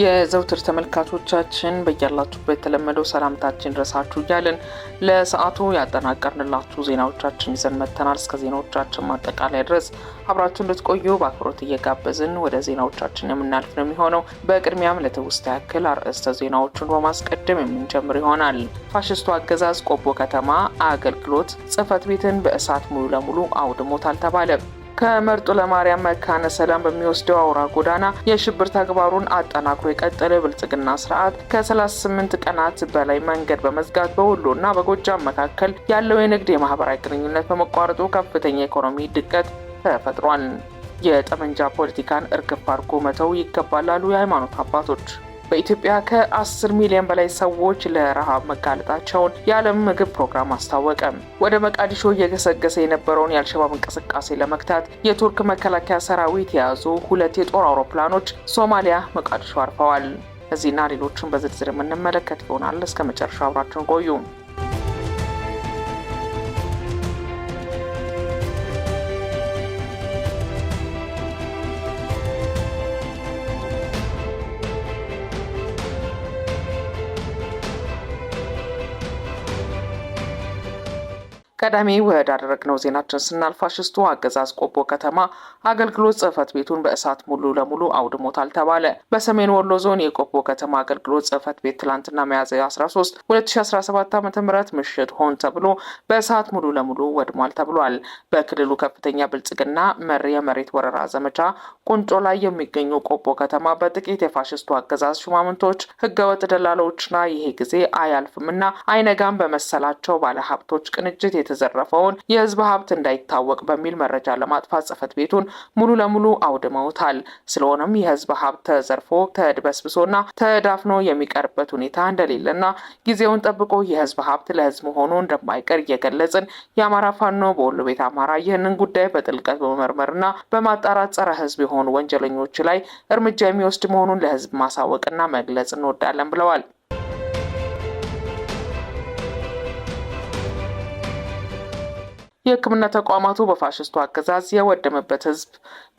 የዘውትር ተመልካቾቻችን በያላችሁበት የተለመደው ሰላምታችን ድረሳችሁ እያልን ለሰዓቱ ያጠናቀርንላችሁ ዜናዎቻችን ይዘን መጥተናል። እስከ ዜናዎቻችን ማጠቃለያ ድረስ አብራችሁ እንድትቆዩ በአክብሮት እየጋበዝን ወደ ዜናዎቻችን የምናልፍ ነው የሚሆነው። በቅድሚያም ለትውስታ ያክል አርዕስተ ዜናዎቹን በማስቀደም የምንጀምር ይሆናል። ፋሽስቱ አገዛዝ ቆቦ ከተማ አገልግሎት ጽህፈት ቤትን በእሳት ሙሉ ለሙሉ አውድሞታል ተባለ። ከመርጦ ለማርያም መካነ ሰላም በሚወስደው አውራ ጎዳና የሽብር ተግባሩን አጠናክሮ የቀጠለ ብልጽግና ስርዓት ከ38 ቀናት በላይ መንገድ በመዝጋት እና በጎጃም መካከል ያለው የንግድ የማህበራዊ ግንኙነት በመቋረጡ ከፍተኛ የኢኮኖሚ ድቀት ተፈጥሯል። የጠመንጃ ፖለቲካን እርግፍ አድርጎ መተው ይገባል የሃይማኖት አባቶች በኢትዮጵያ ከ10 ሚሊዮን በላይ ሰዎች ለረሃብ መጋለጣቸውን የዓለም ምግብ ፕሮግራም አስታወቀ። ወደ መቃዲሾ እየገሰገሰ የነበረውን የአልሸባብ እንቅስቃሴ ለመግታት የቱርክ መከላከያ ሰራዊት የያዙ ሁለት የጦር አውሮፕላኖች ሶማሊያ መቃዲሾ አርፈዋል። እዚህና ሌሎችን በዝርዝር የምንመለከት ይሆናል። እስከ መጨረሻ አብራችን ቆዩ። ቀዳሚ ወዳደረግነው ዜናችን ስናልፍ ፋሽስቱ አገዛዝ ቆቦ ከተማ አገልግሎት ጽህፈት ቤቱን በእሳት ሙሉ ለሙሉ አውድሞታል ተባለ። በሰሜን ወሎ ዞን የቆቦ ከተማ አገልግሎት ጽህፈት ቤት ትላንትና ሚያዝያ 13 2017 ዓ ም ምሽት ሆን ተብሎ በእሳት ሙሉ ለሙሉ ወድሟል ተብሏል። በክልሉ ከፍተኛ ብልጽግና መሪ የመሬት ወረራ ዘመቻ ቁንጮ ላይ የሚገኙ ቆቦ ከተማ በጥቂት የፋሽስቱ አገዛዝ ሹማምንቶች፣ ህገወጥ ደላሎችና ይሄ ጊዜ አያልፍምና አይነጋም በመሰላቸው ባለሀብቶች ቅንጅት የተዘረፈውን የህዝብ ሀብት እንዳይታወቅ በሚል መረጃ ለማጥፋት ጽህፈት ቤቱን ሙሉ ለሙሉ አውድመውታል። ስለሆነም የህዝብ ሀብት ተዘርፎ ተድበስብሶና ተዳፍኖ የሚቀርበት ሁኔታ እንደሌለና ጊዜውን ጠብቆ የህዝብ ሀብት ለህዝብ ሆኖ እንደማይቀር እየገለጽን የአማራ ፋኖ በወሎ ቤት አማራ ይህንን ጉዳይ በጥልቀት በመመርመርና በማጣራት ጸረ ህዝብ የሆኑ ወንጀለኞች ላይ እርምጃ የሚወስድ መሆኑን ለህዝብ ማሳወቅና መግለጽ እንወዳለን ብለዋል። የሕክምና ተቋማቱ በፋሽስቱ አገዛዝ የወደመበት ህዝብ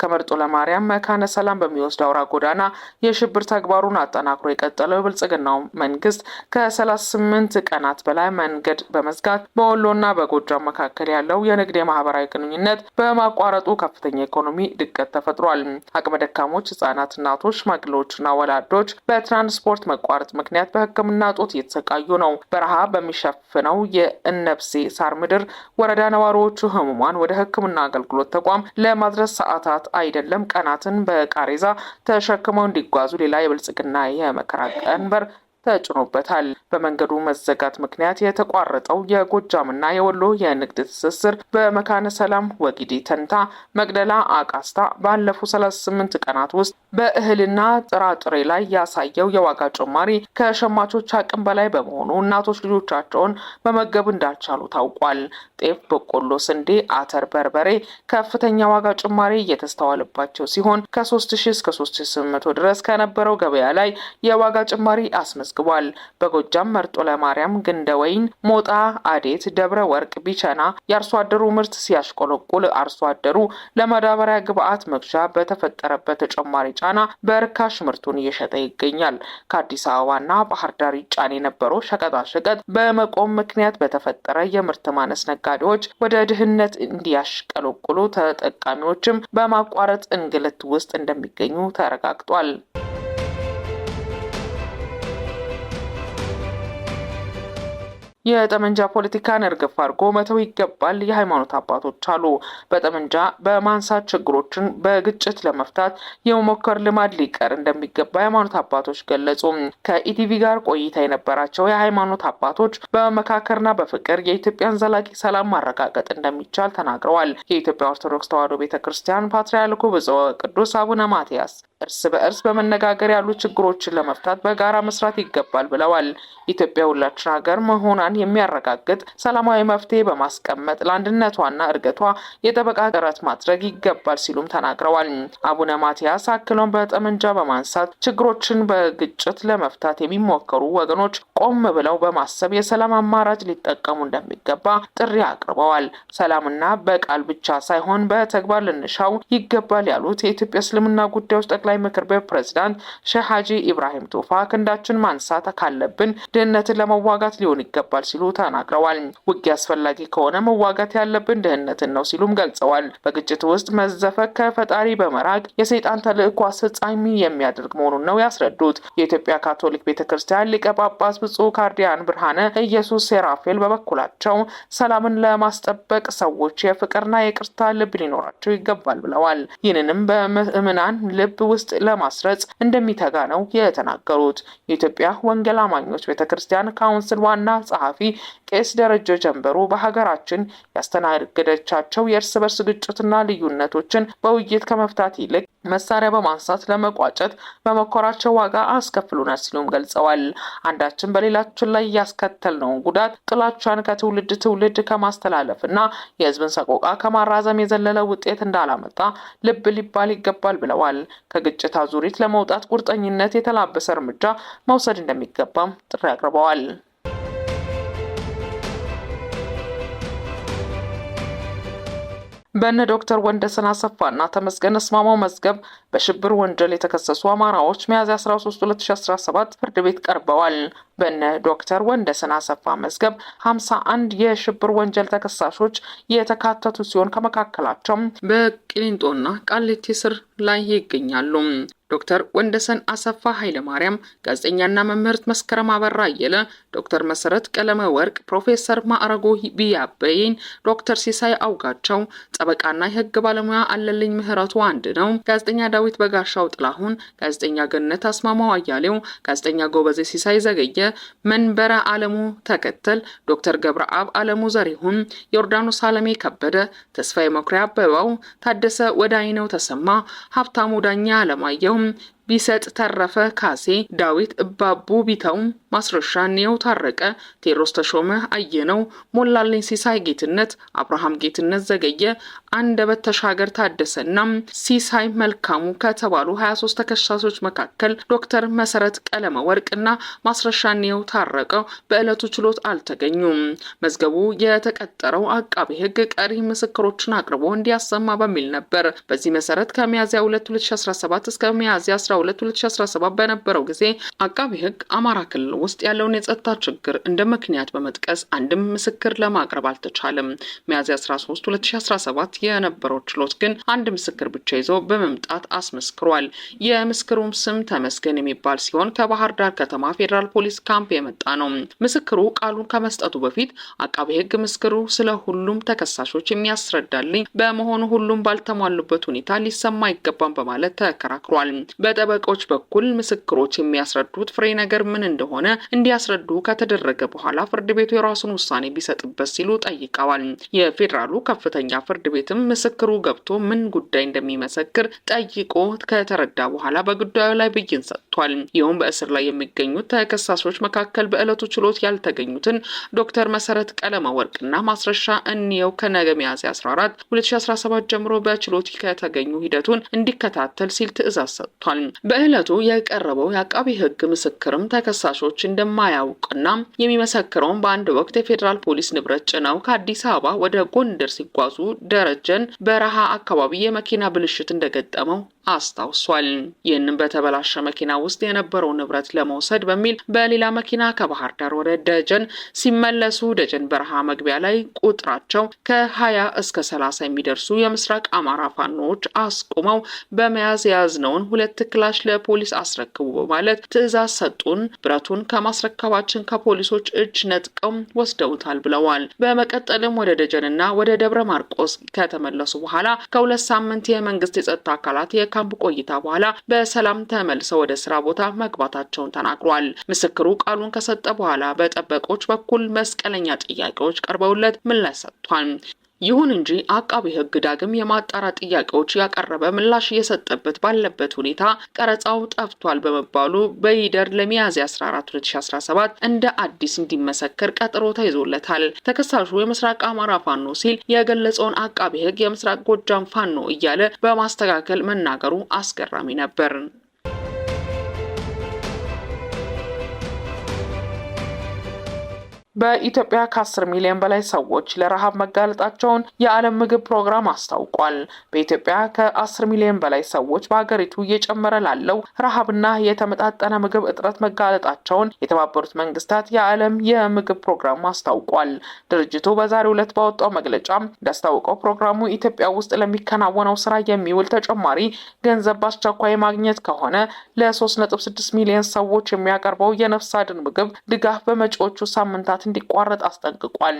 ከመርጦ ለማርያም መካነ ሰላም በሚወስድ አውራ ጎዳና የሽብር ተግባሩን አጠናክሮ የቀጠለው የብልጽግናው መንግስት ከ38 ቀናት በላይ መንገድ በመዝጋት በወሎና በጎጃም መካከል ያለው የንግድ የማህበራዊ ግንኙነት በማቋረጡ ከፍተኛ ኢኮኖሚ ድቀት ተፈጥሯል። አቅመ ደካሞች፣ ህጻናት፣ እናቶች፣ ሽማግሌዎችና ወላዶች በትራንስፖርት መቋረጥ ምክንያት በሕክምና እጦት እየተሰቃዩ ነው። በረሃ በሚሸፍነው የእነብሴ ሳር ምድር ወረዳ ነዋ ነዋሪዎቹ ህሙማን ወደ ሕክምና አገልግሎት ተቋም ለማድረስ ሰዓታት አይደለም ቀናትን በቃሬዛ ተሸክመው እንዲጓዙ ሌላ የብልጽግና የመከራ ቀንበር ተጭኖበታል። በመንገዱ መዘጋት ምክንያት የተቋረጠው የጎጃምና የወሎ የንግድ ትስስር በመካነ ሰላም፣ ወጊዴ፣ ተንታ፣ መቅደላ፣ አቃስታ ባለፉ 38 ቀናት ውስጥ በእህልና ጥራጥሬ ላይ ያሳየው የዋጋ ጭማሪ ከሸማቾች አቅም በላይ በመሆኑ እናቶች ልጆቻቸውን መመገብ እንዳልቻሉ ታውቋል። ጤፍ፣ በቆሎ፣ ስንዴ፣ አተር፣ በርበሬ ከፍተኛ ዋጋ ጭማሪ እየተስተዋለባቸው ሲሆን ከ3000 እስከ 3800 ድረስ ከነበረው ገበያ ላይ የዋጋ ጭማሪ አስመዝግቧል። በጎጃም መርጦ ለማርያም፣ ግንደወይን፣ ሞጣ፣ አዴት፣ ደብረ ወርቅ፣ ቢቸና የአርሶ አደሩ ምርት ሲያሽቆለቁል አርሶ አደሩ ለማዳበሪያ ግብዓት መግዣ በተፈጠረበት ተጨማሪ ጫና በርካሽ ምርቱን እየሸጠ ይገኛል። ከአዲስ አበባና ባህር ዳር ይጫን የነበረው ሸቀጣሸቀጥ በመቆም ምክንያት በተፈጠረ የምርት ማነስ ነጋ ነጋዴዎች ወደ ድህነት እንዲያሽቀለቁሉ ተጠቃሚዎችም በማቋረጥ እንግልት ውስጥ እንደሚገኙ ተረጋግጧል። የጠመንጃ ፖለቲካን እርግፍ አድርጎ መተው ይገባል የሃይማኖት አባቶች አሉ። በጠመንጃ በማንሳት ችግሮችን በግጭት ለመፍታት የመሞከር ልማድ ሊቀር እንደሚገባ የሃይማኖት አባቶች ገለጹ። ከኢቲቪ ጋር ቆይታ የነበራቸው የሃይማኖት አባቶች በመካከርና በፍቅር የኢትዮጵያን ዘላቂ ሰላም ማረጋገጥ እንደሚቻል ተናግረዋል። የኢትዮጵያ ኦርቶዶክስ ተዋሕዶ ቤተ ክርስቲያን ፓትርያርኩ ብፁዕ ቅዱስ አቡነ ማትያስ እርስ በእርስ በመነጋገር ያሉ ችግሮችን ለመፍታት በጋራ መስራት ይገባል ብለዋል። ኢትዮጵያ ሁላችን ሀገር መሆኗን የሚያረጋግጥ ሰላማዊ መፍትሄ በማስቀመጥ ለአንድነቷና እድገቷ የጠበቃ ጥረት ማድረግ ይገባል ሲሉም ተናግረዋል። አቡነ ማቲያስ አክለውን በጠመንጃ በማንሳት ችግሮችን በግጭት ለመፍታት የሚሞከሩ ወገኖች ቆም ብለው በማሰብ የሰላም አማራጭ ሊጠቀሙ እንደሚገባ ጥሪ አቅርበዋል። ሰላምና በቃል ብቻ ሳይሆን በተግባር ልንሻው ይገባል ያሉት የኢትዮጵያ እስልምና ጉዳዮች ጠቅላይ ጠቅላይ ምክር ቤት ፕሬዝዳንት ሼህ ሀጂ ኢብራሂም ቱፋ ክንዳችን ማንሳት ካለብን ድህነትን ለመዋጋት ሊሆን ይገባል ሲሉ ተናግረዋል። ውጊያ አስፈላጊ ከሆነ መዋጋት ያለብን ድህነትን ነው ሲሉም ገልጸዋል። በግጭት ውስጥ መዘፈቅ ከፈጣሪ በመራቅ የሰይጣን ተልእኮ አስፈጻሚ የሚያደርግ መሆኑን ነው ያስረዱት። የኢትዮጵያ ካቶሊክ ቤተ ክርስቲያን ሊቀ ጳጳስ ብፁዕ ካርዲያን ብርሃነ ኢየሱስ ሴራፌል በበኩላቸው ሰላምን ለማስጠበቅ ሰዎች የፍቅርና የቅርታ ልብ ሊኖራቸው ይገባል ብለዋል። ይህንንም በምዕምናን ልብ ውስጥ ውስጥ ለማስረጽ እንደሚተጋ ነው የተናገሩት። የኢትዮጵያ ወንጌል አማኞች ቤተክርስቲያን ካውንስል ዋና ጸሐፊ ቄስ ደረጀ ጀንበሩ በሀገራችን ያስተናገደቻቸው የእርስ በርስ ግጭትና ልዩነቶችን በውይይት ከመፍታት ይልቅ መሳሪያ በማንሳት ለመቋጨት በመኮራቸው ዋጋ አስከፍሉናል ሲሉም ገልጸዋል። አንዳችን በሌላችን ላይ ነውን ጉዳት ጥላቻን ከትውልድ ትውልድ ከማስተላለፍና የህዝብን ሰቆቃ ከማራዘም የዘለለ ውጤት እንዳላመጣ ልብ ሊባል ይገባል ብለዋል። ከግጭት አዙሪት ለመውጣት ቁርጠኝነት የተላበሰ እርምጃ መውሰድ እንደሚገባም ጥሪ አቅርበዋል። በእነ ዶክተር ወንደሰን አሰፋና ተመስገን እስማማው መዝገብ በሽብር ወንጀል የተከሰሱ አማራዎች ሚያዝያ 13 2017 ፍርድ ቤት ቀርበዋል። በእነ ዶክተር ወንደሰን አሰፋ መዝገብ 51 የሽብር ወንጀል ተከሳሾች የተካተቱ ሲሆን ከመካከላቸውም በቅሊንጦና ቃሊቲ ስር ላይ ይገኛሉ። ዶክተር ወንደሰን አሰፋ ኃይለማርያም፣ ጋዜጠኛና መምህርት መስከረም አበራ አየለ፣ ዶክተር መሰረት ቀለመ ወርቅ፣ ፕሮፌሰር ማዕረጎ ቢያበይን፣ ዶክተር ሲሳይ አውጋቸው፣ ጠበቃና የህግ ባለሙያ አለልኝ ምህረቱ አንድ ነው፣ ጋዜጠኛ ዳዊት በጋሻው ጥላሁን፣ ጋዜጠኛ ገነት አስማማው አያሌው፣ ጋዜጠኛ ጎበዜ ሲሳይ ዘገየ፣ መንበረ አለሙ ተከተል፣ ዶክተር ገብረአብ አለሙ ዘሪሁን፣ ዮርዳኖስ አለሜ ከበደ፣ ተስፋዬ መኩሪያ አበባው፣ ታደሰ ወዳይነው ተሰማ፣ ሀብታሙ ዳኛ አለማየሁ ቢሰጥ ተረፈ ካሴ፣ ዳዊት እባቡ ቢተው፣ ማስረሻ ኒየው ታረቀ፣ ቴዎድሮስ ተሾመ፣ አየነው ሞላለኝ፣ ሲሳይ ጌትነት፣ አብርሃም ጌትነት ዘገየ፣ አንደበት ተሻገር ታደሰና ሲሳይ መልካሙ ከተባሉ 23 ተከሳሾች መካከል ዶክተር መሰረት ቀለመ ወርቅና ማስረሻኔው ታረቀው በዕለቱ ችሎት አልተገኙም። መዝገቡ የተቀጠረው አቃቤ ሕግ ቀሪ ምስክሮችን አቅርቦ እንዲያሰማ በሚል ነበር። በዚህ መሰረት ከሚያዝያ 2 2017 እስከ ሚያዝያ 12 2017 በነበረው ጊዜ አቃቤ ሕግ አማራ ክልል ውስጥ ያለውን የጸጥታ ችግር እንደ ምክንያት በመጥቀስ አንድም ምስክር ለማቅረብ አልተቻለም። ሚያዝያ 13 2017 የነበረው ችሎት ግን አንድ ምስክር ብቻ ይዞ በመምጣት አስመስክሯል። የምስክሩም ስም ተመስገን የሚባል ሲሆን ከባህር ዳር ከተማ ፌዴራል ፖሊስ ካምፕ የመጣ ነው። ምስክሩ ቃሉን ከመስጠቱ በፊት አቃቤ ሕግ ምስክሩ ስለ ሁሉም ተከሳሾች የሚያስረዳልኝ በመሆኑ ሁሉም ባልተሟሉበት ሁኔታ ሊሰማ አይገባም በማለት ተከራክሯል። በጠበቆች በኩል ምስክሮች የሚያስረዱት ፍሬ ነገር ምን እንደሆነ እንዲያስረዱ ከተደረገ በኋላ ፍርድ ቤቱ የራሱን ውሳኔ ቢሰጥበት ሲሉ ጠይቀዋል። የፌዴራሉ ከፍተኛ ፍርድ ቤት ዳዊትም ምስክሩ ገብቶ ምን ጉዳይ እንደሚመሰክር ጠይቆ ከተረዳ በኋላ በጉዳዩ ላይ ብይን ሰጥቷል። ይኸውም በእስር ላይ የሚገኙት ተከሳሾች መካከል በዕለቱ ችሎት ያልተገኙትን ዶክተር መሰረት ቀለመ ወርቅና ማስረሻ እንየው ከነገ ሚያዝያ 14 2017 ጀምሮ በችሎት ከተገኙ ሂደቱን እንዲከታተል ሲል ትዕዛዝ ሰጥቷል። በዕለቱ የቀረበው የአቃቢ ሕግ ምስክርም ተከሳሾች እንደማያውቅና የሚመሰክረውን በአንድ ወቅት የፌዴራል ፖሊስ ንብረት ጭነው ከአዲስ አበባ ወደ ጎንደር ሲጓዙ ደረጀ ደጀን በረሃ አካባቢ የመኪና ብልሽት እንደገጠመው አስታውሷል። ይህንም በተበላሸ መኪና ውስጥ የነበረው ንብረት ለመውሰድ በሚል በሌላ መኪና ከባህር ዳር ወደ ደጀን ሲመለሱ ደጀን በረሃ መግቢያ ላይ ቁጥራቸው ከሀያ እስከ ሰላሳ የሚደርሱ የምስራቅ አማራ ፋኖዎች አስቁመው በመያዝ የያዝነውን ሁለት ክላሽ ለፖሊስ አስረክቡ በማለት ትዕዛዝ ሰጡን። ብረቱን ከማስረከባችን ከፖሊሶች እጅ ነጥቀው ወስደውታል ብለዋል። በመቀጠልም ወደ ደጀንና ወደ ደብረ ማርቆስ ከተመለሱ በኋላ ከሁለት ሳምንት የመንግስት የጸጥታ አካላት የካምፕ ቆይታ በኋላ በሰላም ተመልሰው ወደ ስራ ቦታ መግባታቸውን ተናግሯል። ምስክሩ ቃሉን ከሰጠ በኋላ በጠበቆች በኩል መስቀለኛ ጥያቄዎች ቀርበውለት ምላሽ ሰጥቷል። ይሁን እንጂ አቃቢ ሕግ ዳግም የማጣራ ጥያቄዎች ያቀረበ ምላሽ እየሰጠበት ባለበት ሁኔታ ቀረጻው ጠፍቷል በመባሉ በይደር ለሚያዝያ 14 2017 እንደ አዲስ እንዲመሰከር ቀጠሮ ተይዞለታል። ተከሳሹ የምስራቅ አማራ ፋኖ ሲል የገለጸውን አቃቢ ሕግ የምስራቅ ጎጃም ፋኖ እያለ በማስተካከል መናገሩ አስገራሚ ነበር። በኢትዮጵያ ከ10 ሚሊዮን በላይ ሰዎች ለረሃብ መጋለጣቸውን የዓለም ምግብ ፕሮግራም አስታውቋል። በኢትዮጵያ ከ10 ሚሊዮን በላይ ሰዎች በሀገሪቱ እየጨመረ ላለው ረሃብና የተመጣጠነ ምግብ እጥረት መጋለጣቸውን የተባበሩት መንግስታት የዓለም የምግብ ፕሮግራም አስታውቋል። ድርጅቱ በዛሬው ዕለት ባወጣው መግለጫ እንዳስታወቀው ፕሮግራሙ ኢትዮጵያ ውስጥ ለሚከናወነው ስራ የሚውል ተጨማሪ ገንዘብ በአስቸኳይ ማግኘት ከሆነ ለ3.6 ሚሊዮን ሰዎች የሚያቀርበው የነፍስ አድን ምግብ ድጋፍ በመጪዎቹ ሳምንታት ስርዓት እንዲቋረጥ አስጠንቅቋል።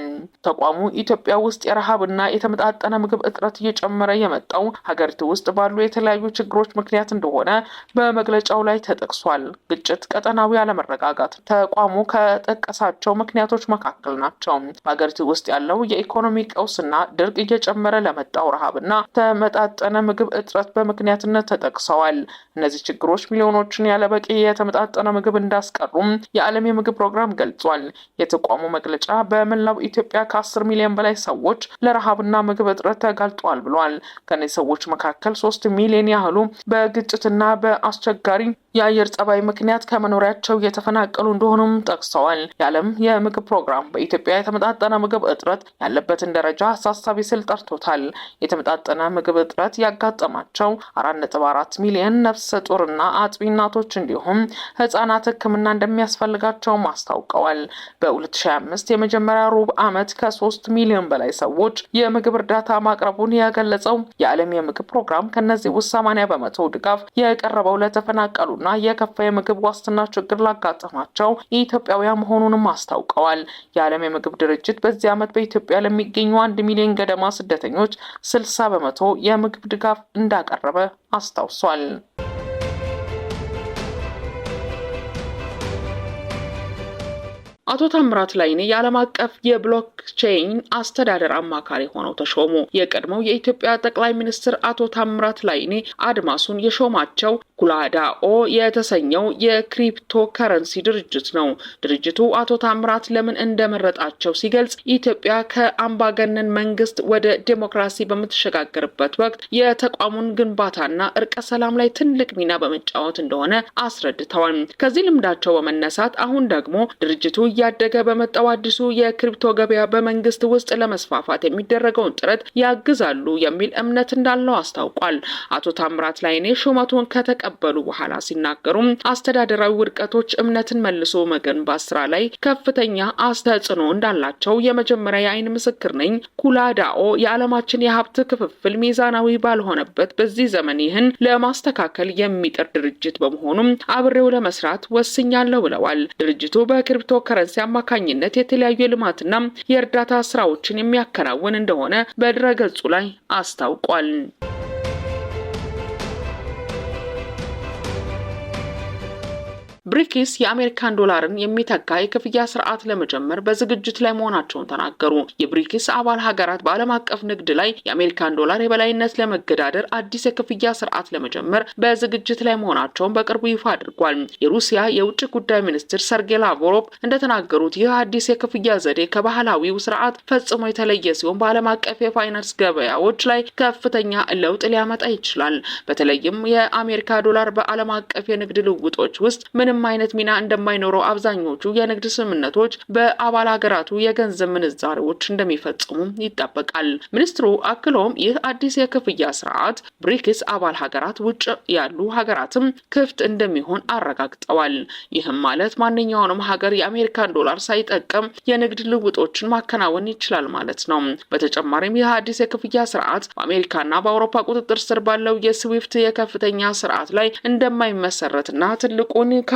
ተቋሙ ኢትዮጵያ ውስጥ የረሃብና የተመጣጠነ ምግብ እጥረት እየጨመረ የመጣው ሀገሪቱ ውስጥ ባሉ የተለያዩ ችግሮች ምክንያት እንደሆነ በመግለጫው ላይ ተጠቅሷል። ግጭት፣ ቀጠናዊ አለመረጋጋት ተቋሙ ከጠቀሳቸው ምክንያቶች መካከል ናቸው። በሀገሪቱ ውስጥ ያለው የኢኮኖሚ ቀውስና ድርቅ እየጨመረ ለመጣው ረሃብና ተመጣጠነ ምግብ እጥረት በምክንያትነት ተጠቅሰዋል። እነዚህ ችግሮች ሚሊዮኖችን ያለበቂ የተመጣጠነ ምግብ እንዳስቀሩም የዓለም የምግብ ፕሮግራም ገልጿል። የተቋ በተቋሙ መግለጫ በመላው ኢትዮጵያ ከ10 ሚሊዮን በላይ ሰዎች ለረሃብና ምግብ እጥረት ተጋልጠዋል ብሏል። ከነዚህ ሰዎች መካከል ሶስት ሚሊዮን ያህሉ በግጭትና በአስቸጋሪ የአየር ጸባይ ምክንያት ከመኖሪያቸው እየተፈናቀሉ እንደሆኑም ጠቅሰዋል። የዓለም የምግብ ፕሮግራም በኢትዮጵያ የተመጣጠነ ምግብ እጥረት ያለበትን ደረጃ አሳሳቢ ስል ጠርቶታል። የተመጣጠነ ምግብ እጥረት ያጋጠማቸው አራት ነጥብ አራት ሚሊዮን ነፍሰ ጡርና አጥቢ እናቶች እንዲሁም ህጻናት ሕክምና እንደሚያስፈልጋቸውም አስታውቀዋል። በ20 2025 የመጀመሪያ ሩብ ዓመት ከ3 ሚሊዮን በላይ ሰዎች የምግብ እርዳታ ማቅረቡን የገለጸው የዓለም የምግብ ፕሮግራም ከነዚህ ውስጥ 80 በመቶ ድጋፍ የቀረበው ለተፈናቀሉና የከፋ የምግብ ዋስትና ችግር ላጋጠማቸው ኢትዮጵያውያን መሆኑንም አስታውቀዋል። የዓለም የምግብ ድርጅት በዚህ ዓመት በኢትዮጵያ ለሚገኙ አንድ ሚሊዮን ገደማ ስደተኞች 60 በመቶ የምግብ ድጋፍ እንዳቀረበ አስታውሷል። አቶ ታምራት ላይኔ የዓለም አቀፍ የብሎክቼይን አስተዳደር አማካሪ ሆነው ተሾሙ። የቀድሞው የኢትዮጵያ ጠቅላይ ሚኒስትር አቶ ታምራት ላይኔ አድማሱን የሾማቸው ጉላዳኦ የተሰኘው የክሪፕቶ ከረንሲ ድርጅት ነው። ድርጅቱ አቶ ታምራት ለምን እንደመረጣቸው ሲገልጽ ኢትዮጵያ ከአምባገነን መንግስት ወደ ዴሞክራሲ በምትሸጋገርበት ወቅት የተቋሙን ግንባታና እርቀ ሰላም ላይ ትልቅ ሚና በመጫወት እንደሆነ አስረድተዋል። ከዚህ ልምዳቸው በመነሳት አሁን ደግሞ ድርጅቱ እያደገ በመጣው አዲሱ የክሪፕቶ ገበያ በመንግስት ውስጥ ለመስፋፋት የሚደረገውን ጥረት ያግዛሉ የሚል እምነት እንዳለው አስታውቋል። አቶ ታምራት ላይኔ ሹመቱን ከተቀበሉ በኋላ ሲናገሩም አስተዳደራዊ ውድቀቶች እምነትን መልሶ መገንባት ስራ ላይ ከፍተኛ አስተጽዕኖ እንዳላቸው የመጀመሪያ የአይን ምስክር ነኝ። ኩላዳኦ የዓለማችን የሀብት ክፍፍል ሚዛናዊ ባልሆነበት በዚህ ዘመን ይህን ለማስተካከል የሚጥር ድርጅት በመሆኑም አብሬው ለመስራት ወስኛለሁ ብለዋል። ድርጅቱ በክሪፕቶ ከረ ኤጀንሲ አማካኝነት የተለያዩ የልማትና የእርዳታ ስራዎችን የሚያከናውን እንደሆነ በድረገጹ ላይ አስታውቋል። ብሪክስ የአሜሪካን ዶላርን የሚተካ የክፍያ ስርዓት ለመጀመር በዝግጅት ላይ መሆናቸውን ተናገሩ። የብሪክስ አባል ሀገራት በዓለም አቀፍ ንግድ ላይ የአሜሪካን ዶላር የበላይነት ለመገዳደር አዲስ የክፍያ ስርዓት ለመጀመር በዝግጅት ላይ መሆናቸውን በቅርቡ ይፋ አድርጓል። የሩሲያ የውጭ ጉዳይ ሚኒስትር ሰርጌ ላቭሮቭ እንደተናገሩት ይህ አዲስ የክፍያ ዘዴ ከባህላዊው ስርዓት ፈጽሞ የተለየ ሲሆን በዓለም አቀፍ የፋይናንስ ገበያዎች ላይ ከፍተኛ ለውጥ ሊያመጣ ይችላል። በተለይም የአሜሪካ ዶላር በዓለም አቀፍ የንግድ ልውጦች ውስጥ ምን ምንም አይነት ሚና እንደማይኖረው አብዛኞቹ የንግድ ስምምነቶች በአባል ሀገራቱ የገንዘብ ምንዛሬዎች እንደሚፈጽሙ ይጠበቃል። ሚኒስትሩ አክለውም ይህ አዲስ የክፍያ ስርዓት ብሪክስ አባል ሀገራት ውጭ ያሉ ሀገራትም ክፍት እንደሚሆን አረጋግጠዋል። ይህም ማለት ማንኛውንም ሀገር የአሜሪካን ዶላር ሳይጠቀም የንግድ ልውጦችን ማከናወን ይችላል ማለት ነው። በተጨማሪም ይህ አዲስ የክፍያ ስርዓት በአሜሪካና በአውሮፓ ቁጥጥር ስር ባለው የስዊፍት የከፍተኛ ስርዓት ላይ እንደማይመሰረትና ትልቁን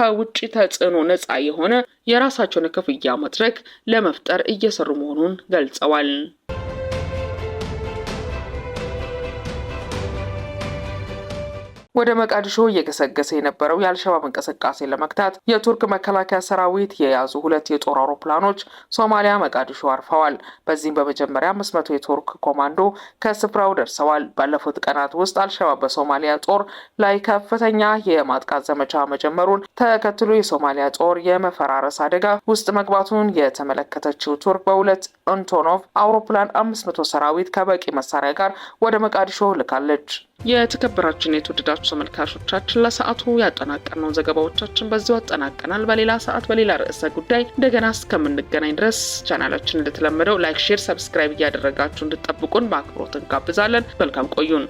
ከውጭ ተጽዕኖ ነፃ የሆነ የራሳቸውን ክፍያ መድረክ ለመፍጠር እየሰሩ መሆኑን ገልጸዋል። ወደ መቃድሾ እየገሰገሰ የነበረው የአልሸባብ እንቅስቃሴ ለመግታት የቱርክ መከላከያ ሰራዊት የያዙ ሁለት የጦር አውሮፕላኖች ሶማሊያ መቃድሾ አርፈዋል። በዚህም በመጀመሪያ አምስት መቶ የቱርክ ኮማንዶ ከስፍራው ደርሰዋል። ባለፉት ቀናት ውስጥ አልሸባብ በሶማሊያ ጦር ላይ ከፍተኛ የማጥቃት ዘመቻ መጀመሩን ተከትሎ የሶማሊያ ጦር የመፈራረስ አደጋ ውስጥ መግባቱን የተመለከተችው ቱርክ በሁለት አንቶኖቭ አውሮፕላን አምስት መቶ ሰራዊት ከበቂ መሳሪያ ጋር ወደ መቃድሾ ልካለች። የተከበራችን የተወደዳችሁ ተመልካቾቻችን ለሰዓቱ ያጠናቀነውን ዘገባዎቻችን በዚሁ አጠናቀናል። በሌላ ሰዓት በሌላ ርዕሰ ጉዳይ እንደገና እስከምንገናኝ ድረስ ቻናላችን እንደተለመደው ላይክ፣ ሼር፣ ሰብስክራይብ እያደረጋችሁ እንድጠብቁን በአክብሮት እንጋብዛለን። መልካም ቆዩን።